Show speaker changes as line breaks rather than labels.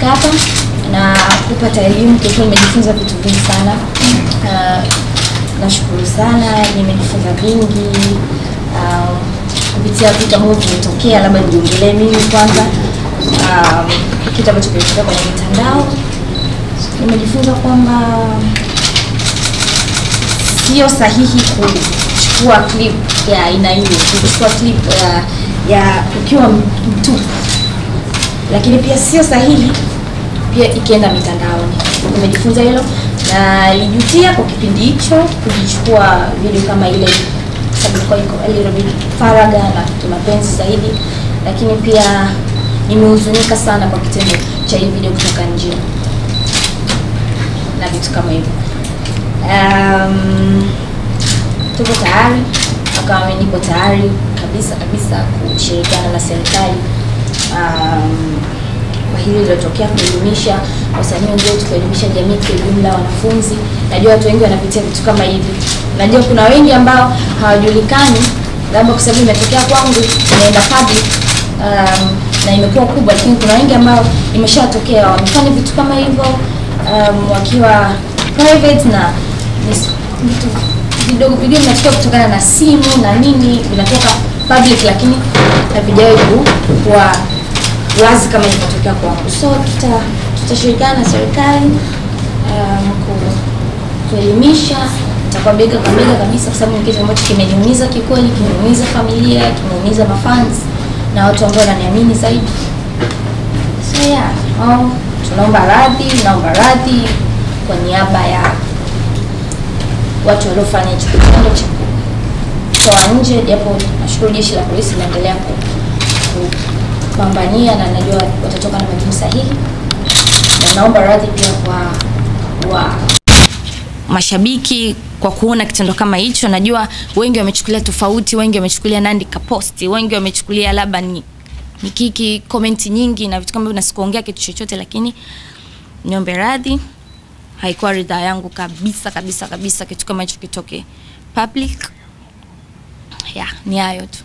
kufika hapa na kupata elimu, kwa kweli nimejifunza vitu vingi sana. Uh, nashukuru sana, nimejifunza vingi uh, kupitia vitu ambavyo vimetokea. Labda niongelee mimi kwanza, um, kitu ambacho kimetokea kwenye mitandao. Nimejifunza kwamba sio sahihi kuchukua clip ya aina hiyo, kuchukua clip ya, uh, ya ukiwa mtupu lakini pia sio sahihi pia ikienda mitandaoni. Nimejifunza hilo na nilijutia kwa kipindi hicho kujichukua video kama ile faraga na kitu mapenzi zaidi, lakini pia nimehuzunika sana kwa kitendo cha hii video kutoka nje na vitu kama hivyo. Um, tuko tayari akawa niko tayari kabisa kabisa kushirikiana na serikali um, hili lilotokea, kuelimisha wasanii wenzao, tukielimisha jamii kwa ujumla, wanafunzi. Najua watu wengi wanapitia vitu kama hivi, najua kuna wengi ambao hawajulikani, labda kwa sababu imetokea kwangu, inaenda public um, na imekuwa kubwa, lakini kuna wengi ambao imeshatokea wamefanya vitu kama hivyo um, wakiwa private na vitu vidogo vidogo vinatokea kutokana na simu na nini vinatoka public lakini havijawahi kuwa wazi kama inavyotokea kwangu. So tuta tutashirikiana na serikali um, kuelimisha itakuwa bega kwa bega kabisa, kwa sababu ni kitu ambacho kimeniumiza kikweli, kimeumiza familia, kimeumiza mafans na watu ambao wananiamini zaidi. So yeah, oh, tunaomba radhi, naomba radhi kwa niaba ya watu waliofanya hicho kitendo cha kutoa nje, japo nashukuru jeshi la polisi linaendelea kupambania na najua watatoka na majibu sahihi, na naomba radhi pia kwa wa
mashabiki kwa kuona kitendo kama hicho. Najua wengi wamechukulia tofauti, wengi wamechukulia Nandy kaposti, wengi wamechukulia labda ni nikiki komenti nyingi na vitu kama hivyo, na sikuongea kitu chochote, lakini niombe radhi, haikuwa ridhaa yangu kabisa kabisa kabisa kitu kama hicho kitoke public. 呀，尼亚又吐。